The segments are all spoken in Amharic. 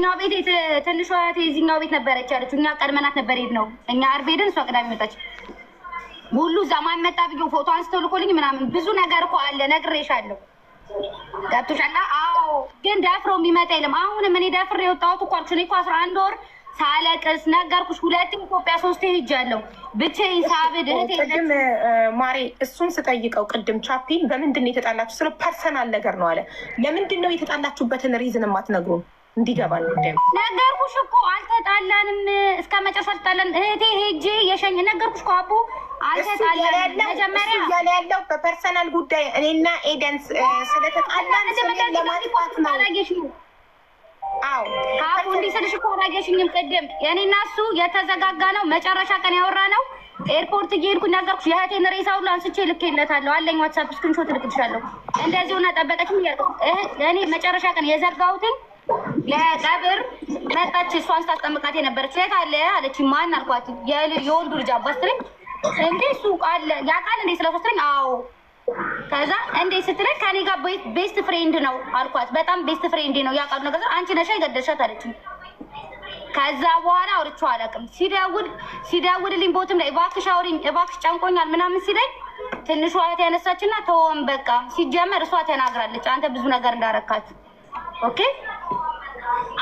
ኛው ቤት ትንሿ የዚህኛው ቤት ነበረች ያለች። እኛ ቀድመናት ነበር ሄድ ነው እኛ አርብ ሄደን እሷ ቅዳሜ መጣች። ሁሉ እዛ ማን መጣ ብዬ ፎቶ አንስተው ልኮልኝ ምናምን ብዙ ነገር እኮ አለ። ነግሬሻለሁ። ገብቶሻል? አዎ። ግን ደፍሮ የሚመጣ የለም። አሁንም እኔ ደፍሬ የወጣሁት እኮ አልኩሽ። እኔ እኮ አስራ አንድ ወር ሳለቅስ ነገርኩሽ። ሁለትም ኢትዮጵያ ሶስቴ ሄጃለሁ ብቻዬን ሳብድ። ቅድም ማሬ እሱን ስጠይቀው ቅድም ቻፒን በምንድን ነው የተጣላችሁ? ስለ ፐርሰናል ነገር ነው አለ። ለምንድን ነው የተጣላችሁበትን ሪዝን የማትነግሩም? እንዲገባን ጉዳዩ ነገርኩሽ እኮ አልተጣላንም። እስከ መጨረሻ አልተጣላን። እህቴ ሄጄ የሸኝ ነገርኩሽ እኮ አቡ አልተጣላን። ያለው በፐርሰናል ጉዳይ እኔና ኤደን ስለተጣላን ለማጥፋት ነው። አቡ እንዲህ እኮ አላየሽኝም። ቅድም የእኔና እሱ የተዘጋጋ ነው። መጨረሻ ቀን ያወራ ነው። ኤርፖርት እየሄድኩ ነገርኩሽ። የእህቴን ሬሳ ሁሉ አንስቼ ልኬለታለሁ አለኝ። ዋትሳፕ ስክሪንሾት ልክልሻለሁ። እንደዚህ ሆና ጠበቀችኝ እኔ መጨረሻ ቀን የዘጋሁትን ለቀብር መጣች። እሷን ስታስጠምቃት የነበረች የት አለ አለች። ማን አልኳት። የወንዱ ልጅ አባስትረኝ እንዴ እሱ ቃል ያውቃል እንዴ ስለ ሶስትለኝ አዎ ከዛ እንዴ ስትለኝ ከኔ ጋር ቤስት ፍሬንድ ነው አልኳት። በጣም ቤስት ፍሬንድ ነው ያውቃሉ ነገር አንቺ ነሻ የገደልሻት አለችኝ። ከዛ በኋላ አውርቼው አላውቅም። ሲደውል ሲደውልልኝ ቦትም ላይ እባክሽ አውሪኝ እባክሽ ጨንቆኛል ምናምን ሲለኝ ትንሿ እህት ያነሳችና ተወን በቃ ሲጀመር እሷ ተናግራለች አንተ ብዙ ነገር እንዳረካት ኦኬ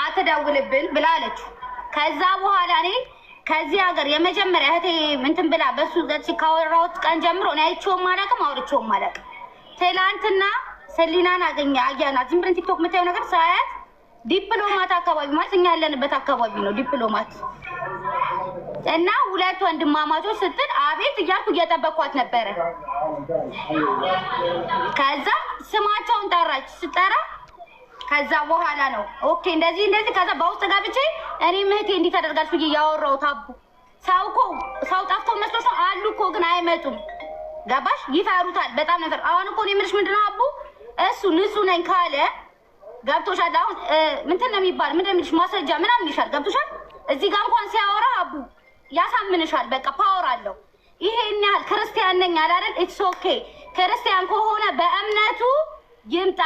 አትደውልብን ብላለች። ከዛ በኋላ እኔ ከዚህ ሀገር የመጀመሪያ እህቴ ምንትን ብላ በሱ ገጽ ካወራሁት ቀን ጀምሮ እኔ አይቼውም አላውቅም አውርቼውም አላውቅም። ትላንትና ሰሊናን አገኘ አያናት ዝም ብለን ቲክቶክ የምታየው ነገር ሳያት ዲፕሎማት አካባቢ ማለት እኛ ያለንበት አካባቢ ነው ዲፕሎማት እና ሁለት ወንድማማቾች ስትል አቤት እያልኩ እየጠበኳት ነበረ። ከዛ ስማቸውን ጠራች ስጠራ ከዛ በኋላ ነው ኦኬ፣ እንደዚህ እንደዚህ። ከዛ በውስጥ ገብቼ እኔ ምህቴ እንዲህ ተደርጋች ብዬ ያወራሁት ታቡ ሰው እኮ ሰው ጠፍቶ መስሎሽ ነው አሉ እኮ ግን አይመጡም። ገባሽ? ይፈሩታል በጣም ነበር። አሁን እኮ እኔ የምልሽ ምንድን ነው አቡ እሱ ንጹህ ነኝ ካለ ገብቶሻል። አሁን ምንትን ነው የሚባል ምንድን ነው የሚልሽ ማስረጃ ምናምን ይሻል። ገብቶሻል? እዚህ ጋር እንኳን ሲያወራ አቡ ያሳምንሻል። በቃ ፓወር አለው። ይሄን ያህል ክርስቲያን ነኝ አላደል? ኢትስ ኦኬ ክርስቲያን ከሆነ በእምነቱ ይምጣ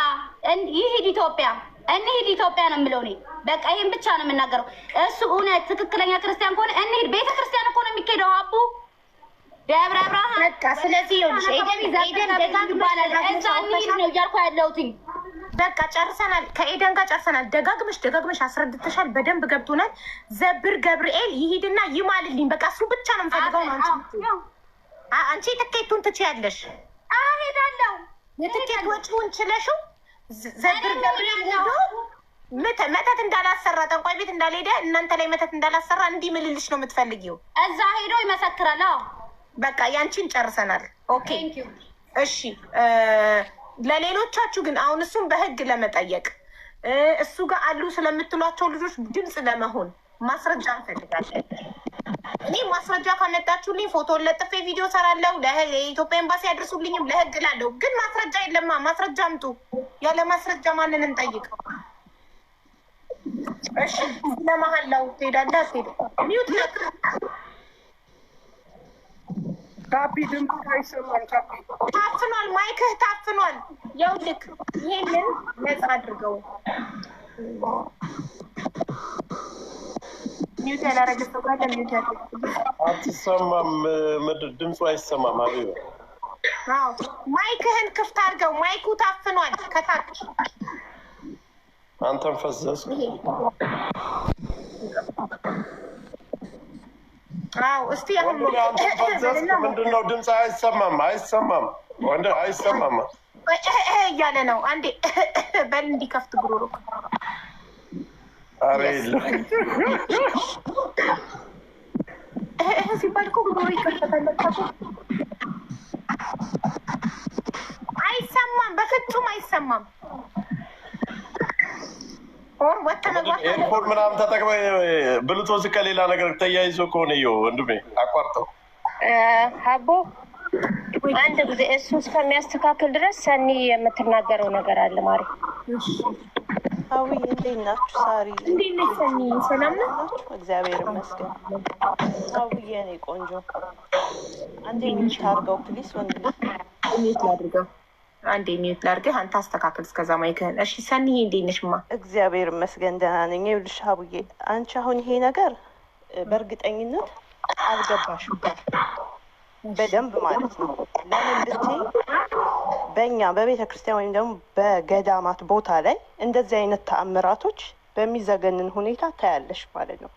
ይሄድ ኢትዮጵያ እንሂድ ኢትዮጵያ ነው የምለው እኔ በቃ ይህን ብቻ ነው የምናገረው። እሱ እውነት ትክክለኛ ክርስቲያን ከሆነ እንሂድ። ቤተ ክርስቲያን እኮ ነው የሚካሄደው አቡ ደብረ ብርሃን። በቃ ስለዚህ ይሆንሽ እንሂድ ነው እያልኩ ያለሁትኝ። በቃ ጨርሰናል፣ ከኤደን ጋር ጨርሰናል። ደጋግመሽ ደጋግመሽ አስረድተሻል፣ በደንብ ገብቶናል። ዘብር ገብርኤል ይሂድና ይማልልኝ። በቃ እሱ ብቻ ነው የምፈልገው። አንቺ ትኬቱን ትችያለሽ። ሄዳለሁ የትኬት ወጪውን ችለሽው ዘብር ገብርኤል መተት እንዳላሰራ ጠንቋይ ቤት እንዳልሄደ እናንተ ላይ መተት እንዳላሰራ እንዲህ ምልልሽ ነው የምትፈልጊው። እዛ ሄዶ ይመሰክራል። በቃ ያንቺን ጨርሰናል። ኦኬ እሺ። ለሌሎቻችሁ ግን አሁን እሱን በህግ ለመጠየቅ እሱ ጋር አሉ ስለምትሏቸው ልጆች ድምፅ ለመሆን ማስረጃ እንፈልጋለን። እኔ ማስረጃ ካመጣችሁልኝ ፎቶ ለጥፌ ቪዲዮ ሰራለሁ፣ የኢትዮጵያ ኤምባሲ አድርሱልኝም ለህግ ላለሁ። ግን ማስረጃ የለማ። ማስረጃ አምጡ። ያለ ማስረጃ ማንን እንጠይቅ? እሺ ለመሀላው ትሄዳለህ ድምፅ አይሰማም። ታፍኗል፣ ማይክህ ታፍኗል። የውልክ ይሄንን ነጻ አድርገው ሚውት ያላረገ ሰው ጋር ሚውት ያደረገ አትሰማም። ምድር ድምፁ አይሰማም። አቤት ማይክህን ክፍት አድርገው። ማይኩ ታፍኗል ከታች። አንተን ፈዘሱ። አዎ እስቲ አሁን ምንድን ነው ድምፅ አይሰማም፣ አይሰማም፣ ወንድ አይሰማም እያለ ነው። አንዴ በል እንዲከፍት ጉሮሮ ኧረ የለም ሲባል እኮ ጉሮሮ ይከፈታል። አይሰማም፣ በፍጹም አይሰማም። ኤርፖርት ምናምን ተጠቅመህ ብሉቶዝ ከሌላ ነገር ተያይዞ ከሆነ ዮ ወንድሜ አቋርጠው። ሀቦ አንድ ጊዜ እሱ እስከሚያስተካክል ድረስ ሰኒ የምትናገረው ነገር አለ ማሪ አዊ እንዴት ናችሁ? ሳሪ እንዴት ነሽ? ሰኒ ሰላም ነው? እግዚአብሔር ይመስገን። የኔ ቆንጆ አንዴ ሚውት አድርገው ፕሊስ። ወንድ ሚውት ላድርገው፣ አንዴ ሚውት አንተ አስተካክል እስከዛ ማይክህን። እሺ ሰኒ እንዴት ነሽ? ማ እግዚአብሔር ይመስገን ደህና ነኝ። ይኸውልሽ አቡዬ አንቺ አሁን ይሄ ነገር በእርግጠኝነት አልገባሽም በደንብ ማለት ነው ለምን ብትይ በእኛ በቤተ ክርስቲያን ወይም ደግሞ በገዳማት ቦታ ላይ እንደዚህ አይነት ተአምራቶች በሚዘገንን ሁኔታ ታያለሽ ማለት ነው።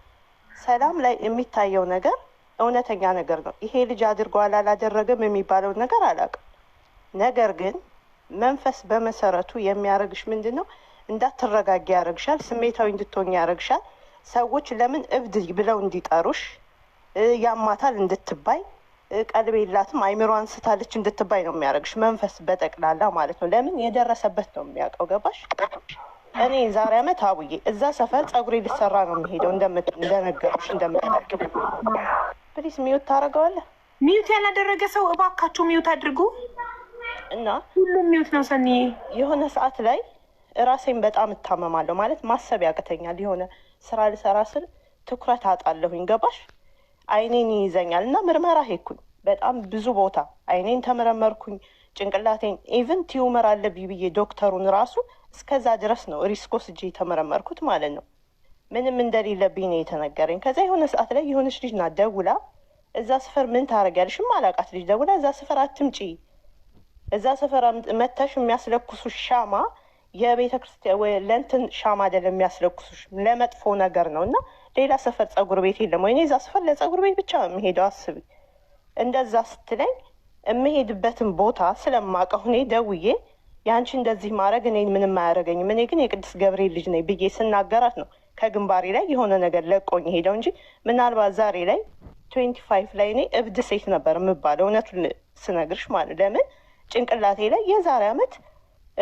ሰላም ላይ የሚታየው ነገር እውነተኛ ነገር ነው። ይሄ ልጅ አድርጓል አላደረገም የሚባለውን ነገር አላውቅም። ነገር ግን መንፈስ በመሰረቱ የሚያደርግሽ ምንድን ነው? እንዳትረጋጊ ያደርግሻል። ስሜታዊ እንድትሆኝ ያደርግሻል። ሰዎች ለምን እብድ ብለው እንዲጠሩሽ ያማታል እንድትባይ ቀልብ የላትም አይምሮ አንስታለች እንድትባይ ነው የሚያደርግሽ መንፈስ በጠቅላላ ማለት ነው። ለምን የደረሰበት ነው የሚያውቀው። ገባሽ? እኔ ዛሬ አመት አቡዬ እዛ ሰፈር ጸጉሬ ሊሰራ ነው የሚሄደው እንደነገሩሽ እንደምታውቂው። ፕሊስ ሚዩት ታደርገዋለህ። ሚዩት ያላደረገ ሰው እባካችሁ ሚዩት አድርጉ እና ሁሉም ሚዩት ነው። ሰኒ የሆነ ሰዓት ላይ ራሴን በጣም እታመማለሁ ማለት ማሰብ ያቅተኛል። የሆነ ስራ ልሰራ ስል ትኩረት አጣለሁኝ። ገባሽ? አይኔን ይይዘኛል እና ምርመራ ሄድኩኝ። በጣም ብዙ ቦታ አይኔን ተመረመርኩኝ፣ ጭንቅላቴን ኢቨን ቲዩመር አለብኝ ብዬ ዶክተሩን ራሱ እስከዛ ድረስ ነው ሪስክ ወስጄ የተመረመርኩት ማለት ነው። ምንም እንደሌለብኝ ነው የተነገረኝ። ከዛ የሆነ ሰዓት ላይ የሆነች ልጅ ና ደውላ እዛ ስፈር ምን ታደርጊያለሽ? አላቃት ልጅ ደውላ እዛ ስፈር አትምጪ፣ እዛ ስፈር መተሽ የሚያስለኩሱ ሻማ የቤተ ክርስቲያን ለንትን ሻማ አይደለም የሚያስለኩሱሽ ለመጥፎ ነገር ነው እና ሌላ ሰፈር ጸጉር ቤት የለም ወይ? እዛ ሰፈር ለጸጉር ቤት ብቻ ነው የምሄደው። አስቢ እንደዛ ስትለኝ የምሄድበትን ቦታ ስለማውቀው እኔ ደውዬ የአንቺ እንደዚህ ማድረግ እኔ ምንም አያደርገኝም፣ እኔ ግን የቅዱስ ገብርኤል ልጅ ነኝ ብዬ ስናገራት ነው ከግንባሬ ላይ የሆነ ነገር ለቆኝ ሄደው እንጂ ምናልባት ዛሬ ላይ ትዌንቲ ፋይቭ ላይ እኔ እብድ ሴት ነበር የምባለው እውነቱን ስነግርሽ ማለት ለምን ጭንቅላቴ ላይ የዛሬ ዓመት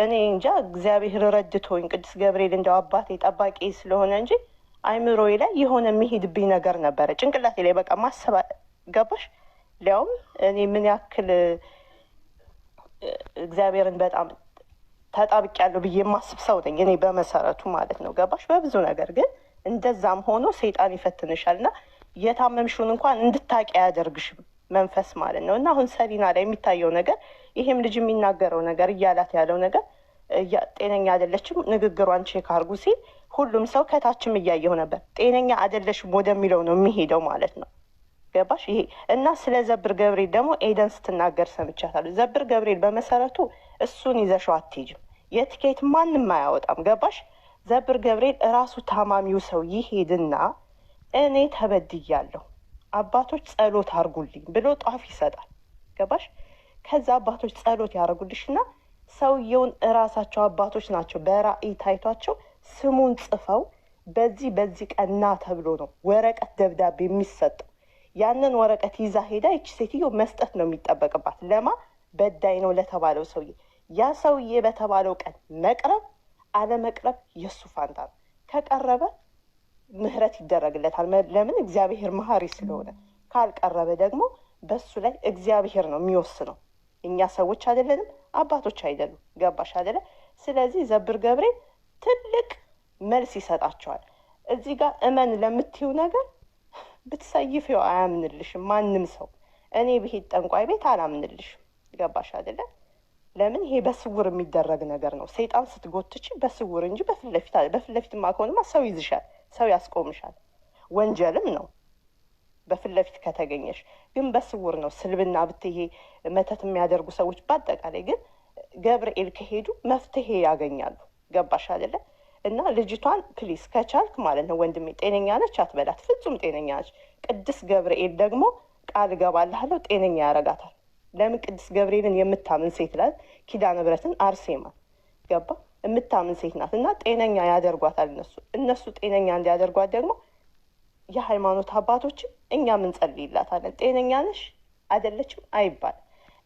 እኔ እንጃ እግዚአብሔር ረድቶኝ ቅዱስ ገብርኤል እንደው አባቴ ጠባቂ ስለሆነ እንጂ አይምሮዬ ላይ የሆነ የሚሄድብኝ ነገር ነበረ፣ ጭንቅላቴ ላይ በቃ ማሰብ ገባሽ። ሊያውም እኔ ምን ያክል እግዚአብሔርን በጣም ተጣብቂያለሁ ብዬ የማስብ ሰው ነኝ እኔ በመሰረቱ ማለት ነው ገባሽ። በብዙ ነገር ግን እንደዛም ሆኖ ሰይጣን ይፈትንሻል እና የታመምሽውን እንኳን እንድታቂ አያደርግሽም መንፈስ ማለት ነው። እና አሁን ሰሊና ላይ የሚታየው ነገር ይሄም ልጅ የሚናገረው ነገር እያላት ያለው ነገር ጤነኛ አይደለችም፣ ንግግሯን ቼክ አርጉ ሲል ሁሉም ሰው ከታችም እያየው ነበር። ጤነኛ አይደለሽም ወደሚለው ነው የሚሄደው ማለት ነው። ገባሽ? ይሄ እና ስለ ዘብር ገብርኤል ደግሞ ኤደን ስትናገር ሰምቻታለሁ። ዘብር ገብርኤል በመሰረቱ እሱን ይዘሸው አትሄጂም፣ የትኬት ማንም አያወጣም። ገባሽ? ዘብር ገብርኤል እራሱ ታማሚው ሰው ይሄድና እኔ ተበድያለሁ አባቶች ጸሎት አርጉልኝ ብሎ ጧፍ ይሰጣል። ገባሽ? ከዛ አባቶች ጸሎት ያደርጉልሽና ሰውየውን እራሳቸው አባቶች ናቸው በራእይ ታይቷቸው ስሙን ጽፈው በዚህ በዚህ ቀን ና ተብሎ ነው ወረቀት ደብዳቤ የሚሰጠው። ያንን ወረቀት ይዛ ሄዳ ይች ሴትዮ መስጠት ነው የሚጠበቅባት። ለማ በዳይ ነው ለተባለው ሰውዬ። ያ ሰውዬ በተባለው ቀን መቅረብ አለመቅረብ የእሱ ፋንታ ነው። ከቀረበ ምህረት ይደረግለታል። ለምን? እግዚአብሔር መሀሪ ስለሆነ። ካልቀረበ ደግሞ በሱ ላይ እግዚአብሔር ነው የሚወስነው። እኛ ሰዎች አይደለንም፣ አባቶች አይደሉም። ገባሽ አይደለ? ስለዚህ ዘብር ገብሬ ትልቅ መልስ ይሰጣቸዋል። እዚህ ጋር እመን ለምትይው ነገር ብትሰይፊው አያምንልሽም ማንም ሰው። እኔ ብሄድ ጠንቋይ ቤት አላምንልሽም። ገባሽ አይደለም? ለምን ይሄ በስውር የሚደረግ ነገር ነው። ሰይጣን ስትጎትች በስውር እንጂ በፊት ለፊት በፊት ለፊትማ ከሆነማ ሰው ይዝሻል፣ ሰው ያስቆምሻል። ወንጀልም ነው በፊት ለፊት ከተገኘሽ። ግን በስውር ነው ስልብና ብትሄ መተት የሚያደርጉ ሰዎች በአጠቃላይ ግን ገብርኤል ከሄዱ መፍትሄ ያገኛሉ። ገባሽ አይደለ? እና ልጅቷን ፕሊስ ከቻልክ ማለት ነው ወንድሜ፣ ጤነኛ ነች አትበላት። ፍጹም ጤነኛ ነች። ቅድስ ገብርኤል ደግሞ ቃል እገባልሃለሁ ጤነኛ ያረጋታል። ለምን ቅድስ ገብርኤልን የምታምን ሴት ላት ኪዳ ንብረትን አርሴማ ገባ የምታምን ሴት ናት እና ጤነኛ ያደርጓታል። እነሱ እነሱ ጤነኛ እንዲያደርጓት ደግሞ የሃይማኖት አባቶችን እኛ ምንጸልይላታለን። ጤነኛ ነሽ አይደለችም አይባል።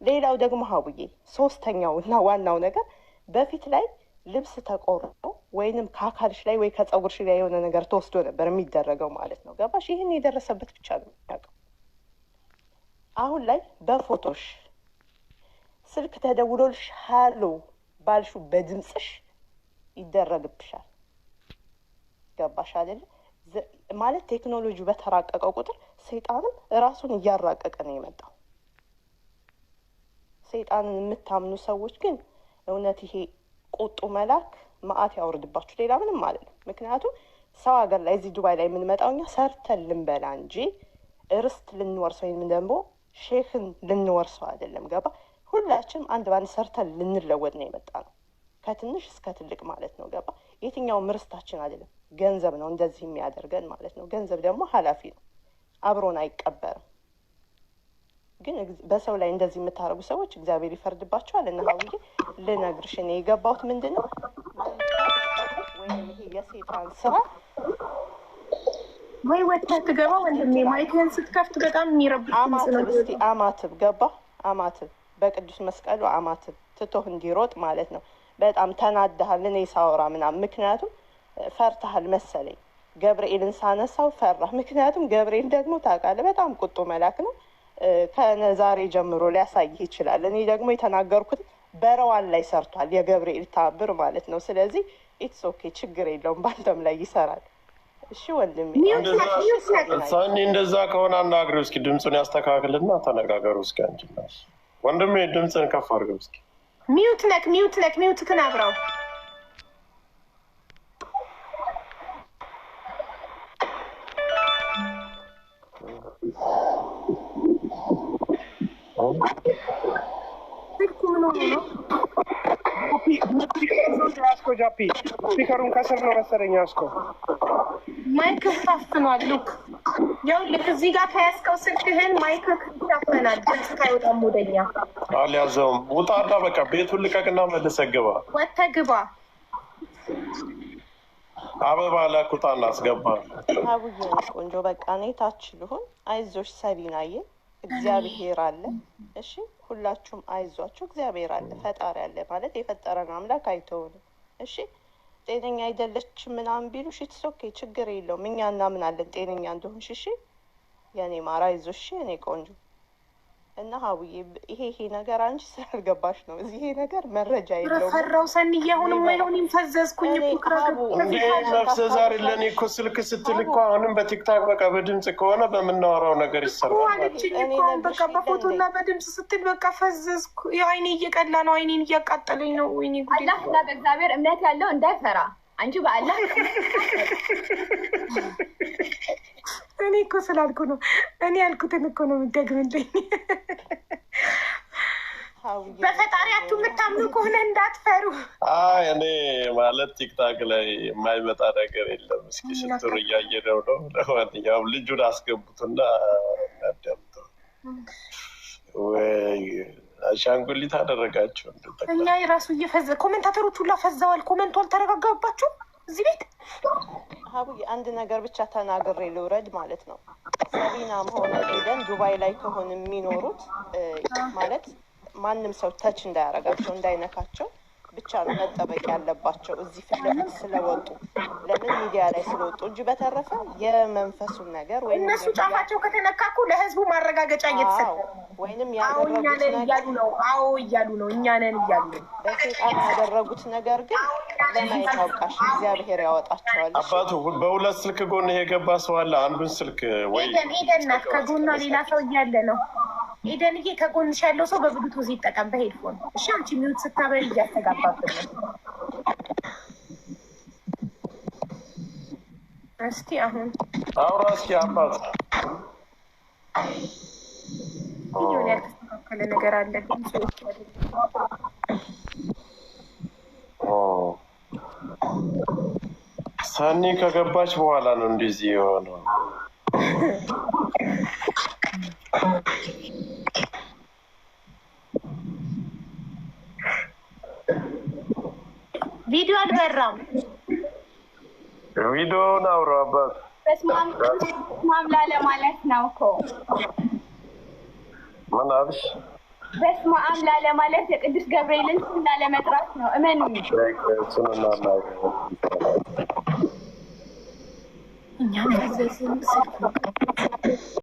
ሌላው ደግሞ ሀቡዬ ሶስተኛው እና ዋናው ነገር በፊት ላይ ልብስ ተቆርጦ ወይንም ከአካልሽ ላይ ወይ ከፀጉርሽ ላይ የሆነ ነገር ተወስዶ ነበር የሚደረገው ማለት ነው። ገባሽ? ይህን የደረሰበት ብቻ ነው የሚያውቀው። አሁን ላይ በፎቶሽ ስልክ ተደውሎልሽ ሀሎ ባልሹ በድምፅሽ ይደረግብሻል። ገባሽ አይደለ? ማለት ቴክኖሎጂ በተራቀቀው ቁጥር ሰይጣንም ራሱን እያራቀቀ ነው የመጣው። ሰይጣንን የምታምኑ ሰዎች ግን እውነት ይሄ ቁጡ መላክ ማአት ያወርድባችሁ። ሌላ ምንም ማለት ነው። ምክንያቱም ሰው ሀገር ላይ እዚህ ዱባይ ላይ የምንመጣው እኛ ሰርተን ልንበላ እንጂ እርስት ልንወርሰው ወይም ደግሞ ሼክን ልንወርሰው አይደለም። ገባ? ሁላችንም አንድ ባንድ ሰርተን ልንለወጥ ነው የመጣ ነው። ከትንሽ እስከ ትልቅ ማለት ነው። ገባ? የትኛውም እርስታችን አይደለም። ገንዘብ ነው እንደዚህ የሚያደርገን ማለት ነው። ገንዘብ ደግሞ ኃላፊ ነው፣ አብሮን አይቀበርም። ግን በሰው ላይ እንደዚህ የምታደርጉ ሰዎች እግዚአብሔር ይፈርድባቸዋል። እና ሀውዬ ልነግርሽ እኔ የገባሁት ምንድን ነው ወይም ይሄ የሴጣን ስራ ወይ ወጥተህ ትገባ ወንድሜ፣ ማይክህን ስትከፍት በጣም የሚረብሽ አማትብ። አማትብ ገባ አማትብ፣ በቅዱስ መስቀሉ አማትብ ትቶህ እንዲሮጥ ማለት ነው። በጣም ተናድሃል፣ እኔ ሳወራ ምናምን። ምክንያቱም ፈርተሃል መሰለኝ ገብርኤልን ሳነሳው ፈራህ። ምክንያቱም ገብርኤል ደግሞ ታውቃለህ፣ በጣም ቁጡ መላክ ነው። ከነዛሬ ጀምሮ ሊያሳይ ይችላል። እኔ ደግሞ የተናገርኩት በረዋን ላይ ሰርቷል፣ የገብርኤል ታብር ማለት ነው። ስለዚህ ኢትስ ኦኬ፣ ችግር የለውም፣ ባንተም ላይ ይሰራል። እሺ ወንድሜ፣ ሰኒ እንደዛ ከሆነ አናግሪው እስኪ፣ ድምፁን ያስተካክልና ተነጋገሩ እስኪ። አንቺና ወንድሜ ድምፅን ከፍ አድርገው እስኪ። ሚውት ነክ ሚውት ነክ ሚውት ክን አብረው ምን ሆኖ ነው? ጃፒ ስፒከሩን ከስር ነው መሰለኝ። ማይክ ታፍኗል። ሉክ እዚህ ጋር ከያዝከው ስልክህን ማይክ ድምፅ ካይወጣም ወደኛ አልያዘውም። ውጣና በቃ ቤቱን ልቀቅና ግባ። ግባ። አበባ አቡዬ ቆንጆ፣ በቃ እኔ ታች ልሁን። አይዞሽ እግዚአብሔር አለ። እሺ ሁላችሁም አይዟችሁ፣ እግዚአብሔር አለ፣ ፈጣሪ አለ ማለት የፈጠረን አምላክ አይተውንም። እሺ ጤነኛ አይደለች ምናምን ቢሉ እሺ ትሶኬ ችግር የለውም እኛ እናምናለን ጤነኛ እንደሆንሽ። እሺ የኔ ማራ አይዞሽ፣ የኔ ቆንጆ እና ሀቡዬ ይሄ ይሄ ነገር አንቺ ስላልገባሽ ነው። እዚህ ይሄ ነገር መረጃ የለውም። ፈራው ሰኒዬ፣ አሁንም ማይሆንም ፈዘዝኩኝ መፍዘዝ አይደለ። እኔ እኮ ስልክ ስትል እኮ አሁንም በቲክታክ በቃ በድምፅ ከሆነ በምናወራው ነገር ይሰራልችኝ አለችኝ እኮ በቃ በፎቶ እና በድምፅ ስትል በቃ ፈዘዝኩ። አይኔ እየቀላ ነው። አይኔን እያቃጠለኝ ነው። ወይኔ ጉዳይ አላህ በእግዚአብሔር እምነት ያለው እንዳይፈራ አንቺ በአላ እኔ እኮ ስላልኩ ነው። እኔ ያልኩትን እኮ ነው የምትደግምልኝ። በፈጣሪያችሁ የምታምኑ ከሆነ እንዳትፈሩ። አይ እኔ ማለት ቲክታክ ላይ የማይመጣ ነገር የለም። እስኪ ስትሩ እያየነው ነው። ለማንኛውም ልጁን አስገቡትና እናዳምጠው ወይ አሻንጉሊት አደረጋቸው። እኛ የራሱ እየፈዘ ኮሜንታተሮች ሁላ ፈዘዋል። ኮመንቱ አልተረጋጋባቸው እዚህ ቤት ሀቡዬ አንድ ነገር ብቻ ተናግሬ ልውረድ ማለት ነው። ሰቢናም ሆነ ኤደን ዱባይ ላይ ከሆን የሚኖሩት ማለት ማንም ሰው ተች እንዳያረጋቸው እንዳይነካቸው ብቻ ነው መጠበቅ ያለባቸው እዚህ ፊት ለፊት ስለወጡ ለምን ሚዲያ ላይ ስለወጡ እንጂ በተረፈ የመንፈሱን ነገር ወይ እነሱ ጫፋቸው ከተነካ እኮ ለህዝቡ ማረጋገጫ እየተሰጠ ወይንም ያደረጉት እያሉ ነው። አዎ እያሉ ነው። እኛ ነን እያሉ ነው። በሴጣን ያደረጉት ነገር ግን ለማየት ያውቃሽ እግዚአብሔር ያወጣቸዋል። አባቱ በሁለት ስልክ ጎን የገባ ሰው አለ። አንዱን ስልክ ወይ ሄደናት ከጎኗ ሌላ ሰው እያለ ነው ኤደንዬ ከጎንሽ ያለው ሰው በብሉቱ ይጠቀም በሄድፎን እሺ። አንቺ ሚዩት ስታበል እያስተጋባብን እስኪ አሁን አውራ እስኪ አባት ሆን ያልተስተካከለ ነገር አለ ሰኒ ከገባች በኋላ ነው እንደዚህ የሆነው። ቪዲዮ አልበራም። ቪዲዮ ናውራ አባት በስማም ላለ ነው እኮ ምን አልሽ? በስመ አብ ላለ የቅዱስ ገብርኤልን ስም ላለ ነው። እመን እኛ